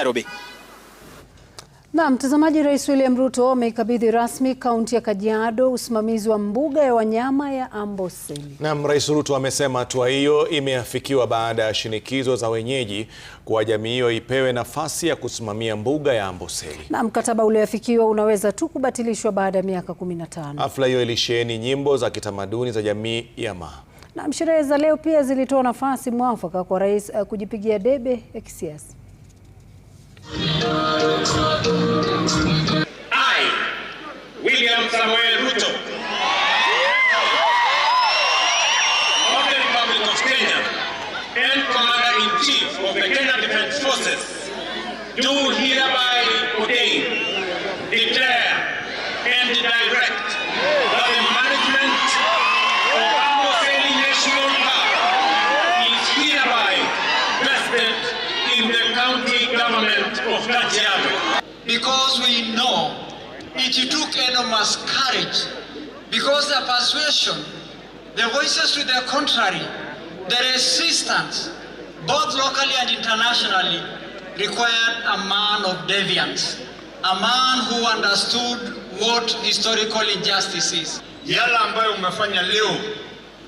Nairobi. Na mtazamaji, Rais William Ruto ameikabidhi rasmi kaunti ya Kajiado usimamizi wa mbuga ya wanyama ya Amboseli. Naam, Rais Ruto amesema hatua hiyo imeafikiwa baada ya shinikizo za wenyeji kuwa jamii hiyo ipewe nafasi ya kusimamia mbuga ya Amboseli. Na mkataba ulioafikiwa unaweza tu kubatilishwa baada ya miaka 15. Hafla hiyo ilisheheni nyimbo za kitamaduni za jamii ya Maa. Na sherehe za leo pia zilitoa nafasi mwafaka kwa rais eh, kujipigia debe ya kisiasa. I, William Samuel Ruto, of the Republic of Kenya and Commander-in-Chief of the Kenya Defense Forces, do hereby ordain, of Kajiado. Because we know it took enormous courage, because the persuasion, the voices to the contrary, the resistance, both locally and internationally, required a man of deviance, a man who understood what historical injustice is. Yala ambayo umefanya leo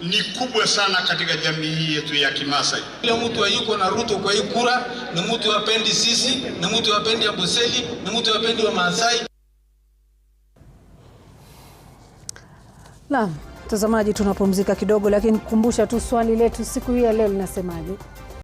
ni kubwa sana katika jamii yetu ya Kimasai. Kila mtu ayuko na Ruto kwa hii kura ni mtu apendi sisi, ni mtu apendi Amboseli, ni mtu apendi wa Maasai. Naam, mtazamaji, tunapumzika kidogo, lakini kukumbusha tu swali letu siku hii ya leo linasemaje?